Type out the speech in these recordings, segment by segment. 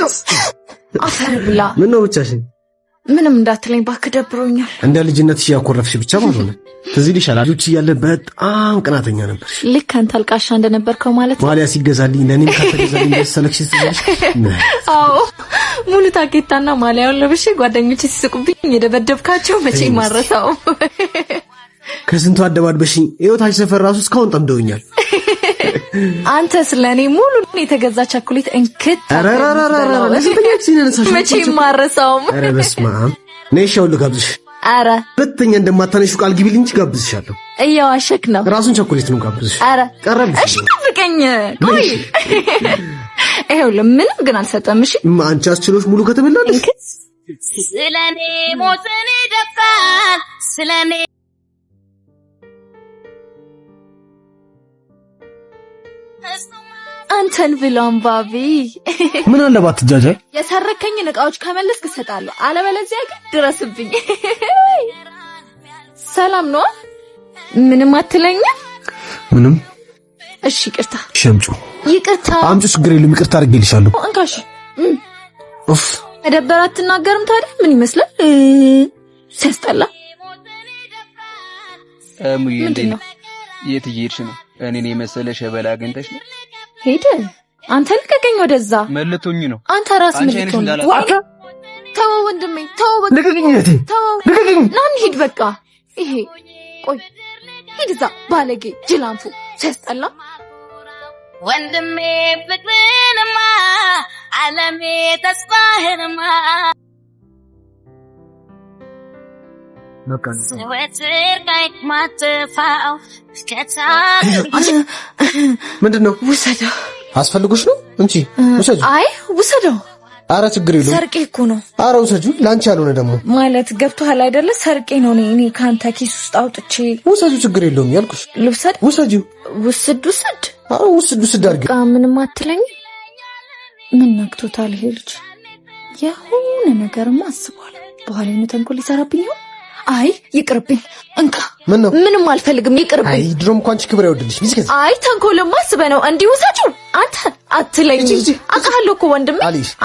አፈር ብላ ምን ነው ብቻሽን? ምንም እንዳትለኝ እባክህ፣ ደብሮኛል። እንደ ልጅነትሽ ብቻ ማለት ነው። ትዝ ይልሻል ልጅ በጣም ቅናተኛ ነበር። ልክ አንተ አልቃሻ እንደነበርከው ማለት ነው። ማሊያ ሲገዛልኝ ለእኔም አዎ ሙሉ ታኬታና ማሊያውን ለብሼ ጓደኞች ሲስቁብኝ የደበደብካቸው መቼ ማረሳው። ከስንቱ አደባድበሽኝ ሰፈር ራሱ እስካሁን ጠምደውኛል። አንተ ስለኔ ሙሉ የተገዛ ቸኮሌት እንክት መቼም ማረሳውም። ኧረ በስመ አብ ነይ ኧረ ሁለተኛ እንደማታነሺው ቃል ግቢልኝ እንጂ ጋብዝሻለሁ። ነው። ራሱን ቸኮሌት ነው ጋብዝሽ። ኧረ እሺ ጠብቀኝ። ቆይ ይኸውልህ፣ ምንም ግን አልሰጠም። እሺ አንቺ አስችሎሽ ሙሉ ሞትን ይደፋል አንተን ብሎ አንባቢ ምን አለባት ትጃጃይ። የሰረከኝን እቃዎች ከመለስክ እሰጣለሁ፣ አለበለዚያ ግን ድረስብኝ። ሰላም ነው? ምንም አትለኝም? ምንም። እሺ ይቅርታ። እሺ አምጪው። ይቅርታ ሸምጩ ይቅርታ አምጪው ችግር የለም ይቅርታ አድርጌልሻለሁ። እንካሽ። ኡፍ መደበር አትናገርም ታዲያ ምን ይመስላል? ሲያስጠላ። እሙዬ፣ እንዴት ነው? የት እየሄድሽ ነው? እኔን የመሰለ ሸበላ አግኝተሽ ነው? ሄደ። አንተ ልቀቀኝ፣ ወደዛ መልቶኝ ነው። አንተ ራስ ምልክቱን ዋጋ ተው፣ ወንድሜ ተው፣ በቃ ልቀቀኝ፣ እህቴ ተው፣ ልቀቀኝ። ና እንሂድ፣ በቃ ይሄ ቆይ፣ ሂድ እዛ ባለጌ ጅላንፉ ሲያስጠላ ወንድሜ፣ ፍቅርንማ አለሜ፣ ተስፋህንማ በቃ ምንድን ነው? ውሰደው። አስፈልጎሽ ነው? እንቺ ውሰጂው። አይ ውሰደው። አረ ችግር የለውም። ሰርቄ እኮ ነው። አረ ውሰጂው። ላንቺ ያልሆነ ደግሞ ማለት ገብቶሃል አይደለ? ሰርቄ ነው እኔ ከአንተ ኪስ ውስጥ አውጥቼ። ውሰጂው፣ ችግር የለውም ያልኩሽ። ልውሰድ? ውሰጂው። ውስድ ውስድ። አረ ውስድ ውስድ አድርጊ። ምንም አትለኝ። ምን ነክቶታል ይሄ ልጅ? የሆነ ነገርማ አስቧል። በኋላ የሆነ ተንኮል ይሰራብኛል። አይ ይቅርብኝ። እንካ ምን ነው? ምንም አልፈልግም። ይቅርብኝ። አይ ድሮም እንኳን አንቺ ክብር አይወድልሽ። ቢዚ አይ ተንኮልማ አስበህ ነው እንዲሁ ሳጭው። አንተ አትለኝ። አውቃለሁ እኮ ወንድሜ፣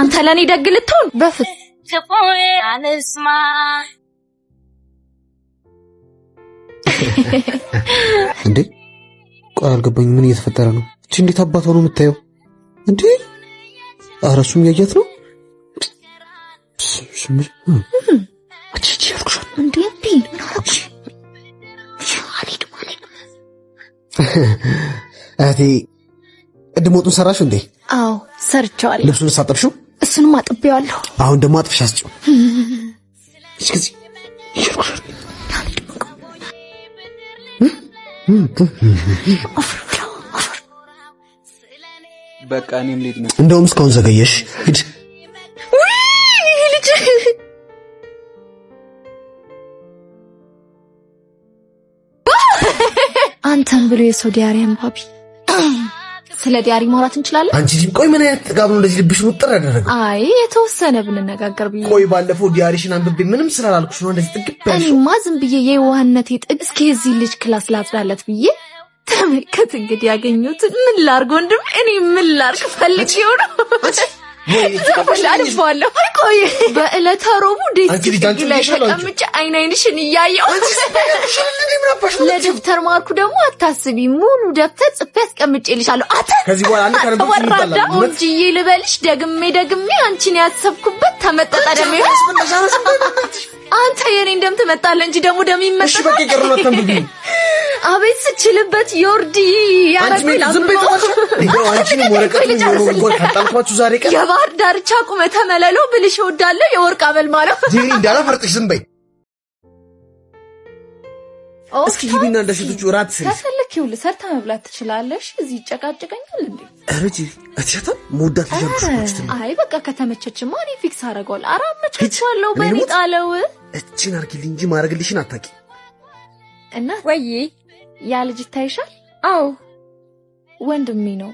አንተ ለኔ ደግ ልትሆን በፍት እንዴ ቆይ አልገባኝ። ምን እየተፈጠረ ነው? እቺ እንዴት አባቷ ነው የምታየው? እንዴ አረሱም ያያት ነው እንዴ እህቴ ቅድም ወጡን ሰራሽ እንዴ? አዎ ሰርቼዋለሁ። ልብሱን ሳጠብሽው? እሱንም አጥቤዋለሁ። አሁን ደግሞ አጥብሽ አስጪው። በቃ እኔም ልሂድ። እንደውም እስካሁን ዘገየሽ። ሰን ብሎ የሰው ዲያሪ አንባቢ ስለ ዲያሪ ማውራት እንችላለን። አንቺ ጂም ቆይ፣ ምን አይነት ጥጋብ ነው እንደዚህ ልብሽ ሙጥር ያደረገው? አይ የተወሰነ ብንነጋገር ብዬ። ቆይ ባለፈው ዲያሪሽን አንብቤ ምንም ስላላልኩሽ ነው እንደዚህ ጥግብ ያልሽ? እኔማ ዝም ብዬ የዋህነቴ ጥግ፣ እስኪ የዚህ ልጅ ክላስ ላጽዳለት ብዬ ተመልከት እንግዲህ ያገኙት ምን ላርግ ወንድም፣ እኔ ምን ላርግ ፈልጌው ነው አልፈዋለሁ። ቆይ በዕለተ ረቡዕ ላይ ተቀምጬ አይን አይንሽን እያየሁ ለደብተር ማርኩ ደግሞ አታስቢ፣ ሙሉ ደብተር ጽፌ አስቀምጬልሻለሁ። ወራዳ ሞጅዬ ልበልሽ ደግሜ ደግሜ አንቺን ያሰብኩበት ተመጠጠ ደሜ አንተ የኔ ደም ትመጣለህ እንጂ ደሙ ደም ይመጣል። እሺ በቃ ይቀር ነው ተንብቢ አቤት ስችልበት ዮርዲ ያረጋል። ዝም ዛሬ ቀን የባህር ዳርቻ ቁመ ተመለሎ ብልሽ እወዳለሁ የወርቅ አበል ማለት ዲሪ እንዳላ ፈርጥሽ ዝም በይ እስኪ ሂድና እንደ ሴቶቹ እራት ስሪ። ከፈለክ ይኸውልህ ሰርታ መብላት ትችላለሽ። እዚህ ይጨቃጭቀኛል እንዴ? ረጂ እትሸታ መወዳት ልጃ አይ በቃ ማ እኔ ፊክስ አደርገዋለሁ። አራ አመቻችኋለሁ። በእኔ ጣለው። እችን አርጊልኝ እንጂ ማረግልሽን አታቂ። እና ወይ ያ ልጅ ይታይሻል? አዎ ወንድሜ ነው።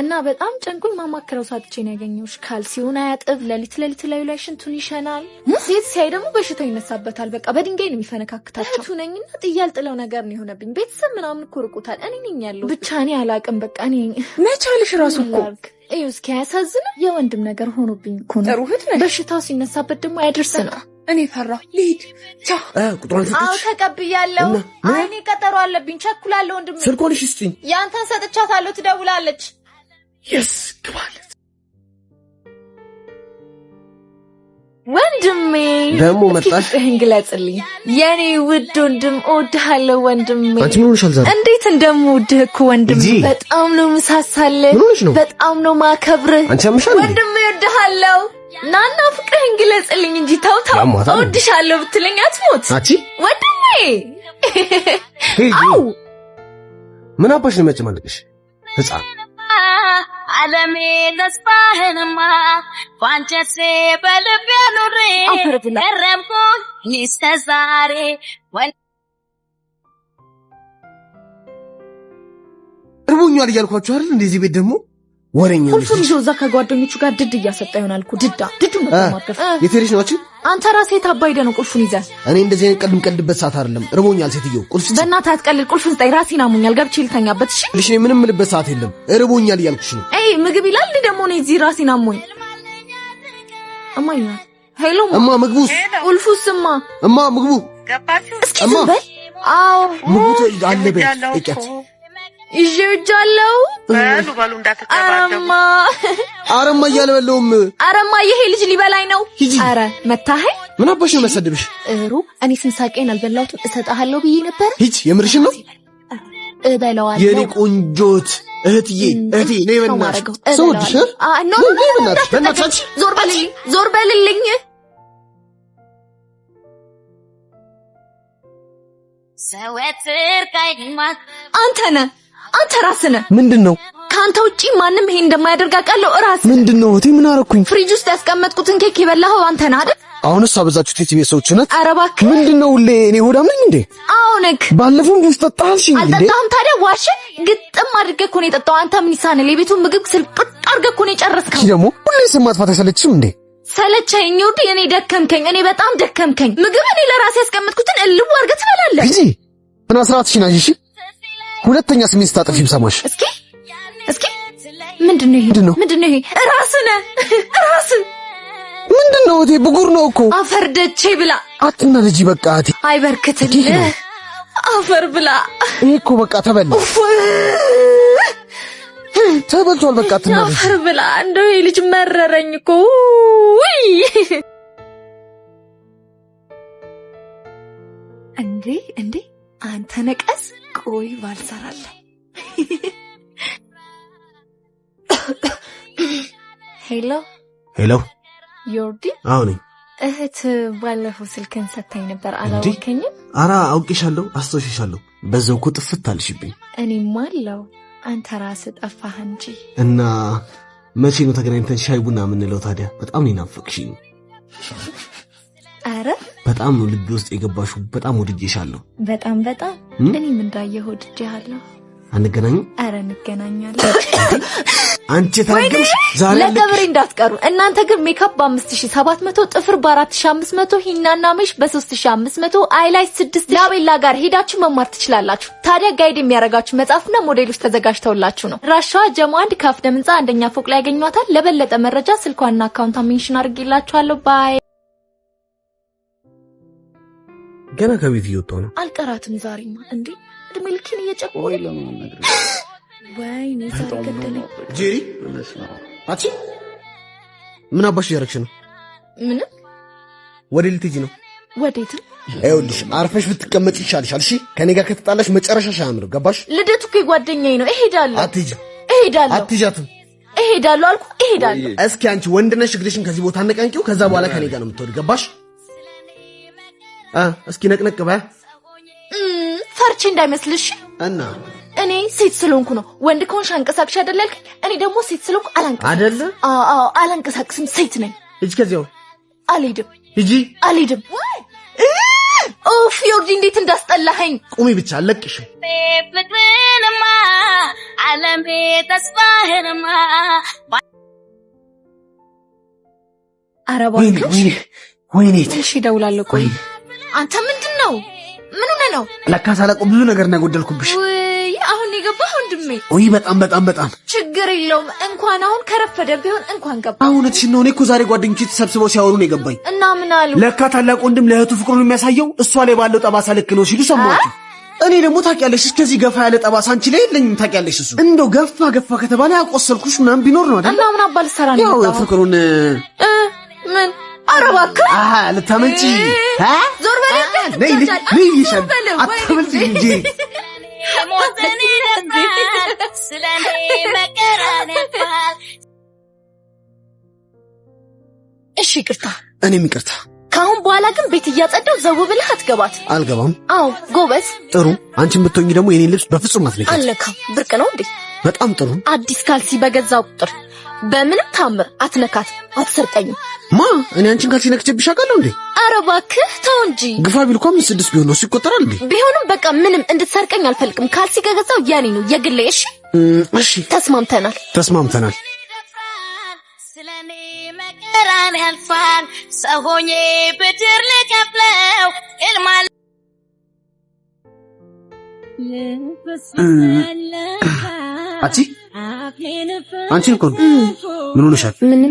እና በጣም ጨንቁኝ ማማክረው ሳትቼ ነው ያገኘሁሽ። ካልሲውን አያጥብ፣ ለሊት ለሊት ላዩ ላይ ሽንቱን ይሸናል። ሴት ሲያይ ደግሞ በሽታ ይነሳበታል። በቃ በድንጋይ ነው የሚፈነካክታቸው። እህቱ ነኝና ጥያል ጥለው ነገር ነው የሆነብኝ። ቤተሰብ ምናምን እኮ ርቁታል። እኔ ነኝ ያለው ብቻ እኔ አላቅም። በቃ እኔ መቻልሽ ራሱ እኮ እዩ እስኪ አያሳዝንም? የወንድም ነገር ሆኖብኝ እኮ ነው። በሽታው ሲነሳበት ደግሞ አያደርስ ነው እኔ ፈራሁ። ልሂድ። ቻው። አዎ ተቀብያለሁ። እኔ ቀጠሮ አለብኝ፣ ቸኩላለሁ። ወንድሜ ስልኮን እሺ ስጪኝ። ያንተን ሰጥቻታለሁ፣ ትደውላለች። የስ ግባለት ወንድሜ ደግሞ መጣሽ? ግለጽልኝ የእኔ ውድ ወንድም፣ እወድሃለሁ ወንድሜ። አንቺ ምን ሆነሻል ዛሬ? እንዴት እንደምወድህ እኮ ወንድሜ፣ በጣም ነው ምሳሳለ። በጣም ነው ማከብርህ ወንድሜ፣ እወድሃለሁ ናና ፍቅርህን ግለጽልኝ እንጂ ተው ተው፣ እወድሻለሁ ብትለኝ አትሞት። አቺ ወንድሜ፣ አው ምን አባሽ ነው የሚያጨማልቅሽ? ህፃን አለሜ ተስፋህንማ ቋንጨሴ በልቤ ኑሬ ቀረምኩኝ እስከ ዛሬ እርቦኛል እያልኳችሁ አይደል? እንደዚህ ቤት ደግሞ ወሬኛ ሁሉም ይዞ እዛ ከጓደኞቹ ጋር ድድ እያሰጣ ይሆናል እኮ ድዳ ድዱ ነው ማርከፍ የቴሪሽ ነው። አንተ ራስህ የታባ ሄደህ ነው ቁልፉን ይዘህ። እኔ እንደዚህ አይነት ቀልድ የምቀልድበት ሰዓት አይደለም። ርቦኛል። ሴትዮ ቁልፍ በእናትህ አትቀልድ። ቁልፉን ስጠኝ። ራሴን አሞኛል። ገብቼ ልተኛበት። እሺ ልሽ እሺ። ምንም የምልበት ሰዓት የለም። ርቦኛል እያልኩሽ ነው። አይ ምግብ ይላል ደግሞ እኔ እዚህ ራሴን አሞኝ እማዬ ሄሎ እማ፣ ምግቡስ? ቁልፉስ? እማ እማ፣ ምግቡ ገባችሁ? እስኪ ዝም በይ። አዎ ምግቡ አለ በይ። ይዤጃለሁ አረማ አረማ እያልበለውም አረማ ይሄ ልጅ ሊበላኝ ነው። አረ መታኸኝ። ምን አባሽ ነው መሰድብሽ? እሩ እኔ ስንሳቄን አልበላሁትም። እሰጥሃለሁ ብዬ ነበር። ሂጅ፣ የምርሽን ነው? እበላዋለሁ። የኔ ቆንጆት እህትዬ፣ እህቴ ነይ በእናትሽ። ሰው ወድሻል። በእናትሽ ዞር በልልኝ፣ ዞር በልልኝ። ሰው አንተ ነህ አንተ ራስህ ነህ። ምንድን ነው? ከአንተ ውጪ ማንም ይሄን እንደማያደርግ አውቃለሁ። ራስህ ምንድን ነው? እህቴ ምን አረኩኝ? ፍሪጅ ውስጥ ያስቀመጥኩትን ኬክ የበላኸው አንተ ነህ አይደል? አሁንስ አበዛችሁት። እህቴ ቤተሰቦች ነት ኧረ እባክህ ምንድን ነው ሁሌ እኔ ሆዳም ነኝ እንዴ? አሁንክ ነክ ባለፈው ጁስ ጠጣሽ እንዴ? አልጠጣሁም። ታዲያ ዋሽ ግጥም አድርገህ እኮ ነው የጠጣው። አንተ ምን ይሳንል? የቤቱን ምግብ ስልቅጥ አድርገህ እኮ ነው የጨረስከው። ደግሞ ሁሌ ስም ማጥፋት አይሰለችም እንዴ? ሰለቸኝ ውድ፣ እኔ ደከምከኝ፣ እኔ በጣም ደከምከኝ። ምግብ እኔ ለራሴ ያስቀመጥኩትን እልው አድርገህ ትበላለህ እንጂ እና ስርዓትሽን አይሽ ሁለተኛ ስሜት ስታጠፊ ሰማሽ። እስኪ እስኪ ምንድን ነው ይሄ? ምንድን ነው ይሄ? ራስህ ነህ ራስህ። ምንድን ነው እቴ? ብጉር ነው እኮ አፈር ደቼ ብላ አትና ልጅ በቃ እቴ አይበርክትልህ አፈር ብላ። ይሄ እኮ በቃ ተበላ ተበልቷል። በቃ አትና ልጅ አፈር ብላ። እንደው ይሄ ልጅ መረረኝ እኮ እንዴ! እንዴ! አንተ ነቀስ ቆይ ባልሰራለ ሄሎ ሄሎ፣ ዮርዲ አዎ ነኝ። እህት ባለፈው ስልክን ሰታኝ ነበር፣ አላወከኝም? አራ አውቄሻለሁ፣ አስታውሼሻለሁ። በዛው እኮ ጥፍት አልሽብኝ። እኔም አለው አንተ ራስህ ጠፋህ እንጂ እና መቼ ነው ተገናኝተን ሻይ ቡና የምንለው ታዲያ? በጣም ነው ናፈቅሽኝ። አረ በጣም ነው ልቤ ውስጥ የገባሹ። በጣም ወድጄሻለሁ። በጣም በጣም እኔም እንዳየህ ወድጄሃለሁ። አንገናኝ? አረ እንገናኛለን። አንቺ ታገሽ ዛሬ ለገብሬ እንዳትቀሩ እናንተ ግን ሜካፕ በ5700 ጥፍር በ4500 ሂናና መሽ በ3500 አይላይ 6000 ላቤላ ጋር ሄዳችሁ መማር ትችላላችሁ። ታዲያ ጋይድ የሚያደርጋችሁ መጽሐፍና ሞዴሎች ተዘጋጅተውላችሁ ነው። ራሻዋ ጀሞ አንድ ካፍ ደምንጻ አንደኛ ፎቅ ላይ ያገኟታል። ለበለጠ መረጃ ስልኳና አካውንቷ ሜንሽን አድርጌላችኋለሁ። ባይ ገና ከቤት እየወጣሁ ነው። አልቀራትም ዛሬማ። እንዴ እድሜ ልኬን እየጨቆ ወይኔ ጄሪ አንቺ ምን አባሽ እያደረግሽ ነው? ምንም። ወዴት ልትሄጂ ነው? ወዴትም። ይኸውልሽ አርፈሽ ብትቀመጭ ይሻልሻል። እሺ ከኔ ጋር ከተጣላሽ መጨረሻሽ አያምርም። ገባሽ? ልደቱ እኮ የጓደኛዬ ነው። እሄዳለሁ። አትሄጂም። እሄዳለሁ። አትሄጃትም። እሄዳለሁ አልኩ። እሄዳለሁ። እስኪ አንቺ ወንድነሽ ነሽ፣ እግርሽን ከዚህ ቦታ አነቃንቂው። ከዛ በኋላ ከኔ ጋር ነው የምትወድ። ገባሽ? እስኪ ነቅነቅ በ ፈርቺ እንዳይመስልሽ እና እኔ ሴት ስለሆንኩ ነው። ወንድ ከሆንሽ አንቀሳቅሽ አይደል እኔ ደግሞ ሴት ስለሆንኩ አላንቀሳቅስ አደለ አላንቀሳቅስም። ሴት ነኝ። ሂጂ ከዚያው። አልሄድም። ሂጂ። አልሄድም። ኦፍ ዮርዲ፣ እንዴት እንዳስጠላኸኝ። ቁሚ ብቻ አለቅሽ። ፍቅርማ አለም ተስፋህንማ አረባ ወይኔ፣ ወይኔ፣ ትንሽ እደውላለሁ። ቆይ አንተ ምንድን ነው? ምን ሆነ ነው? ለካ ሳላውቀው ብዙ ነገር ነው ያጎደልኩብሽ። ውይ አሁን የገባህ ወንድሜ? ውይ በጣም በጣም በጣም ችግር የለውም። እንኳን አሁን ከረፈደ ቢሆን እንኳን ገባ። አሁን እውነትሽን ነው። እኔ እኮ ዛሬ ጓደኞቼ ተሰብስበው ሲያወሩ ነው የገባኝ። እና ምን አሉ? ለካ ታላቅ ወንድም ለእህቱ ፍቅሩን የሚያሳየው እሷ ላይ ባለው ጠባሳ ልክ ነው ሲሉ ሰማሁት። እኔ ደግሞ ታውቂያለሽ፣ እስከዚህ ገፋ ያለ ጠባሳ አንቺ ላይ የለኝም። ታውቂያለሽ እሱ እንደው ገፋ ገፋ ከተባለ ያቆሰልኩሽ ምናምን ቢኖር ነው አይደል? እና ምን አባል ሰራ ነው ያው ፍቅሩን እ ዞር እባክህ። እሺ ይቅርታ። እኔም ይቅርታ። ከአሁን በኋላ ግን ቤት እያጸዳው ዘው ብለህ አትገባት። አልገባም። አዎ ጎበዝ። ጥሩ። አንቺን ብትሆኚ ደግሞ የኔን ልብስ በፍጹም አትነካም። አልነካም። ብርቅ ነው እንዴ? በጣም ጥሩ። አዲስ ካልሲ በገዛው ቁጥር በምንም ታምር አትነካት፣ አትሰርቀኝም። ማ እኔ አንቺን ካልሽ ነክቼብሽ አውቃለሁ እንዴ? ኧረ እባክህ ተው እንጂ። ግፋ ቢል እኮ አምስት ስድስት ቢሆን ነው እሱ ይቆጠራል እንዴ? ቢሆንም በቃ ምንም እንድትሰርቀኝ አልፈልግም። ካልሲ ከገዛው ያኔ ነው የግሌ። እሺ እሺ፣ ተስማምተናል፣ ተስማምተናል። አቺ አንቺን እኮ ነው። ምን ሆነሻል? ምንም።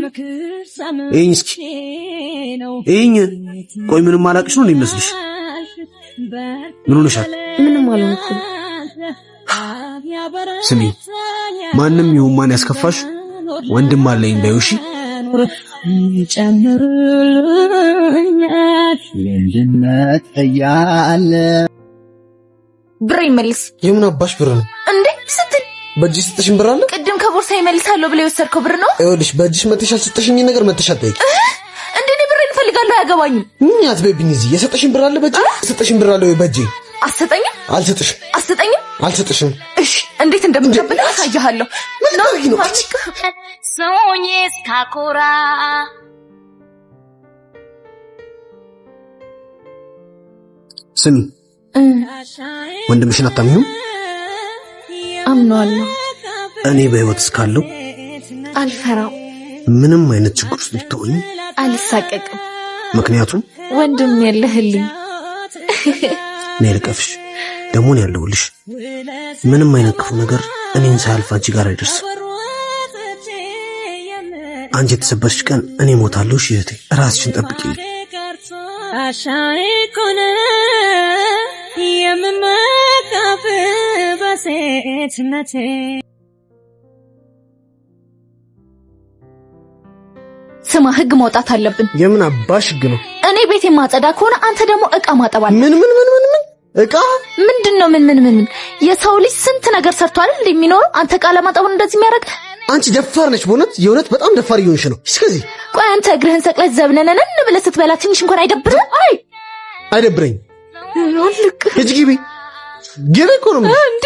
ይሄኝ እስኪ ይሄኝ። ቆይ ምንም አላቅሽ ነው የሚመስልሽ? ምን ሆነሻል? ምንም አልሆንኩም። ስሚ፣ ማንም ይሁን ማን ያስከፋሽ ወንድም አለኝ በይው። እሺ ብር ይመልስ። የምን አባሽ ብር ነው እንዴ ስትል በእጅሽ ስጥሽኝ ብር አለ። ቅድም ከቦርሳ ይመልሳለሁ ብለ የወሰድከው ብር ነው። ይኸውልሽ በእጅሽ መተሽ ስጥሽኝ ነገር መተሽ አትጠይቂ። እንዴ እኔ ብሬን እፈልጋለሁ፣ አያገባኝም። ምን አትበይብኝ። እዚህ የሰጠሽኝ ብር አለ በእጅ ስጥሽኝ ብር አለ ወይ በእጅ? አትሰጠኝም። አልሰጥሽም። አትሰጠኝም። አልሰጥሽም። እሺ እንዴት እንደምትቀበል አሳያለሁ። ምን ነው ሰውኜ እስካኮራ ስሚ፣ ወንድምሽን አታምኚውም? አምነዋለሁ። እኔ በህይወት እስካለሁ አልፈራው። ምንም አይነት ችግር ውስጥ ብትሆኝ አልሳቀቅም። ምክንያቱም ወንድም የለህልኝ። እኔ ልቀፍሽ፣ ደግሞ ነው ያለሁልሽ። ምንም አይነት ክፉ ነገር እኔን ሳያልፍ አንቺ ጋር አይደርስም። አንቺ የተሰበርሽ ቀን እኔ ሞታለሁ። እሺ እህቴ፣ ራስሽን ጠብቂልኝ። አሻሬ ኮነ የምመካፍል ሴትነቴ ስማ፣ ህግ ማውጣት አለብን። የምን አባሽ ህግ ነው? እኔ ቤት የማጸዳ ከሆነ አንተ ደግሞ እቃ ማጠባል። ምን ምን ምን ምን ምን እቃ ምንድን ነው? ምን ምን ምን የሰው ልጅ ስንት ነገር ሰርቶ አይደል የሚኖረው? አንተ እቃ ለማጠቡን እንደዚህ የሚያደርግ አንቺ ደፋር ነች። በእውነት የእውነት በጣም ደፋር እየሆንሽ ነው። እስከዚህ ቆይ፣ አንተ እግርህን ሰቅለህ ዘብነነነን ብለህ ስትበላ ትንሽ እንኳን አይደብርም? አይ አይደብረኝ። ልክ ግቢ ግቢ እኮ ነው እንዴ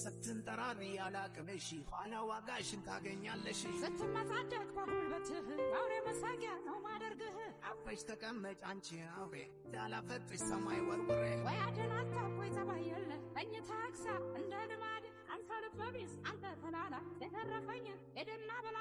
ስትንጠራ ያላቅምሽ ኋላ ዋጋሽን ታገኛለሽ። ስትመጻደቅ በጉልበትህ አውሬ መሳቂያ ነው ማደርግህ። አበሽ ተቀመጭ አንቺ አውሬ ያላፈጥሽ ሰማይ ወርውሬ ወይ አደናታ ወይ ጸባይ እኝታ አክሳ እንደ ልማድ አንተ ልበቢስ አንተ ተላላ የተረፈኝን ሄድና ብላ